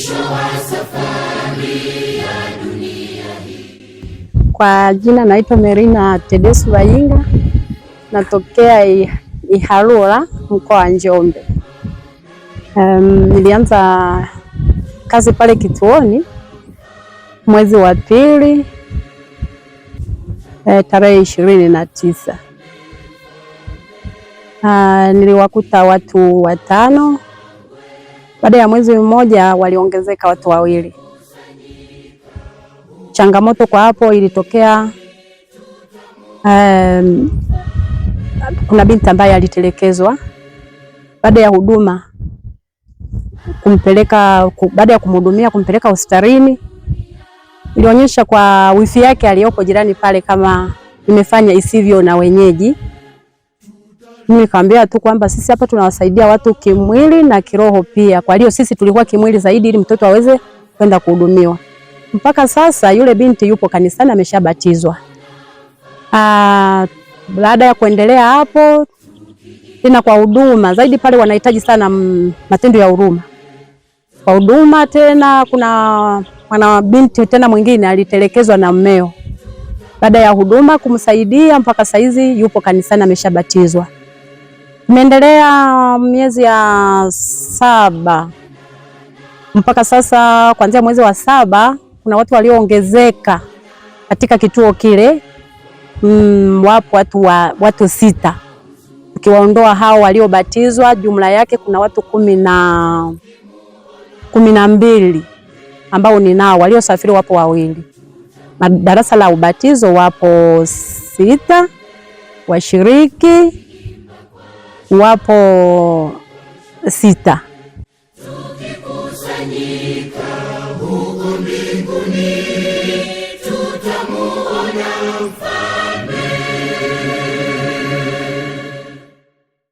Mwisho wa safari ya dunia hii. Kwa jina naitwa Merina Tedesu Bayinga, natokea Iharura mkoa wa Njombe. Um, nilianza kazi pale kituoni mwezi wa pili eh, tarehe ishirini na tisa. Uh, niliwakuta watu watano baada ya mwezi mmoja waliongezeka watu wawili. Changamoto kwa hapo ilitokea, um, kuna binti ambaye alitelekezwa baada ya huduma kumpeleka baada ya kumhudumia kumpeleka hospitalini, ilionyesha kwa wifi yake aliyoko jirani pale kama imefanya isivyo na wenyeji. Mimi nikamwambia tu kwamba sisi hapa tunawasaidia watu kimwili na kiroho pia. Kwa hiyo sisi tulikuwa kimwili zaidi ili mtoto aweze kwenda kuhudumiwa. Mpaka sasa yule binti yupo kanisani ameshabatizwa. Ah, baada ya kuendelea hapo tena kwa huduma zaidi pale wanahitaji sana matendo ya huruma. Kwa huduma tena kuna mwana binti tena mwingine alitelekezwa na mmeo. Baada ya huduma kumsaidia mpaka saizi yupo kanisani ameshabatizwa. Nimeendelea miezi ya saba mpaka sasa, kuanzia mwezi wa saba kuna watu walioongezeka katika kituo kile mm, wapo watu, wa, watu sita ukiwaondoa hao waliobatizwa, jumla yake kuna watu kumi na kumi na mbili ambao nao waliosafiri wapo wawili, na darasa la ubatizo wapo sita washiriki wapo sita. Tukikusanyika huko mbinguni